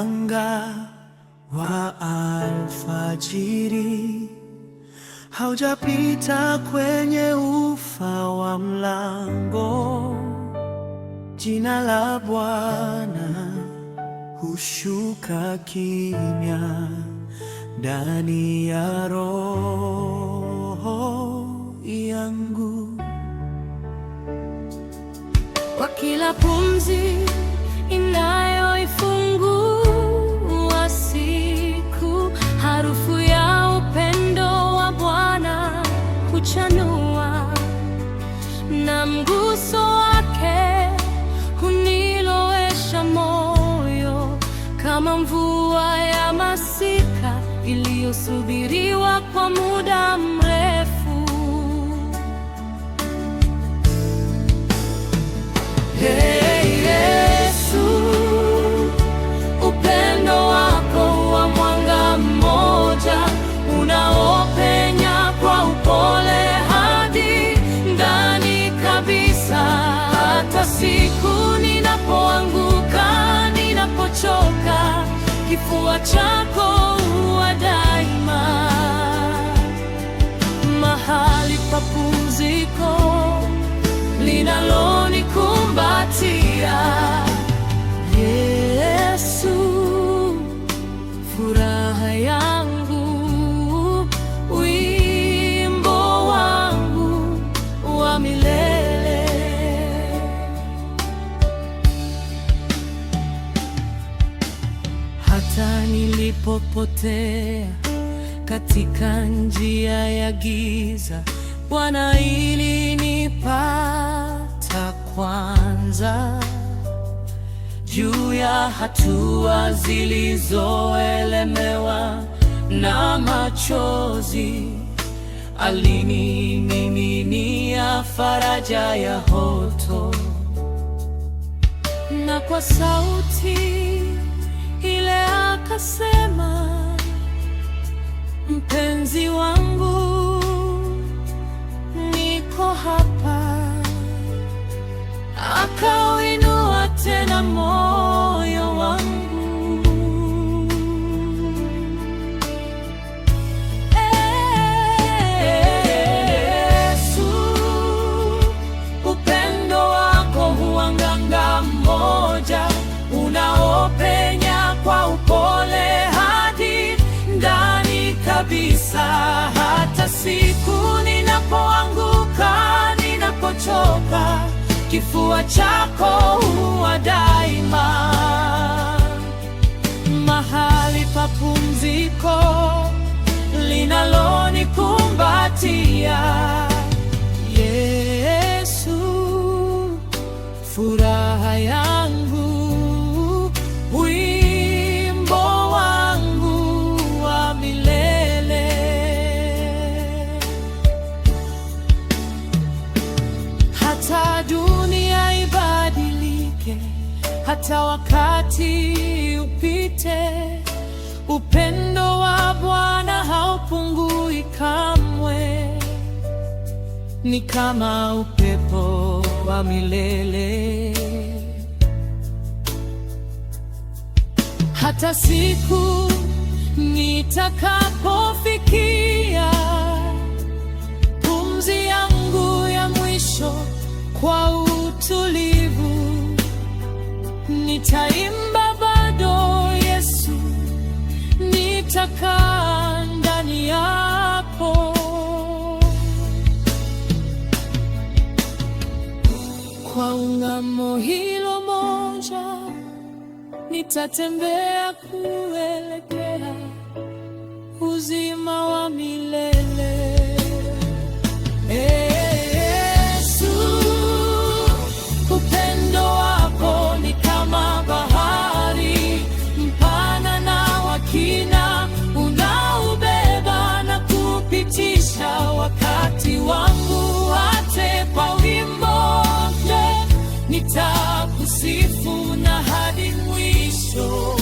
Mwanga wa alfajiri haujapita kwenye ufa wa mlango, jina la Bwana hushuka kimya ndani ya roho yangu kwa kila pumzi inayo hunitanua na mguso wake hunilowesha moyo kama mvua ya masika iliyosubiriwa kwa muda mrefu. kifua chako uwa daima, mahali pa pumziko linalonikumbatia Yesu furaha nilipopotea katika njia ya giza, Bwana ilinipata kwanza juu ya hatua zilizoelemewa na machozi, alinimiminia faraja ya hoto na kwa sauti akauinua tena moyo wangu Yesu, upendo wako huwa mmoja moja unaopenya kwa upole hadi ndani kabisa, hata siku ninapoanguka, ninapochoka kifua chako huwa daima mahali pa pumziko linalonikumbatia. hata wakati upite, upendo wa Bwana haupungui kamwe, ni kama upepo wa milele. Hata siku nitakapofikia pumzi ya nitaimba bado Yesu, nitakaa ndani yako. Kwa ungamo hilo moja, nitatembea kuelekea uzima wa milele. 就。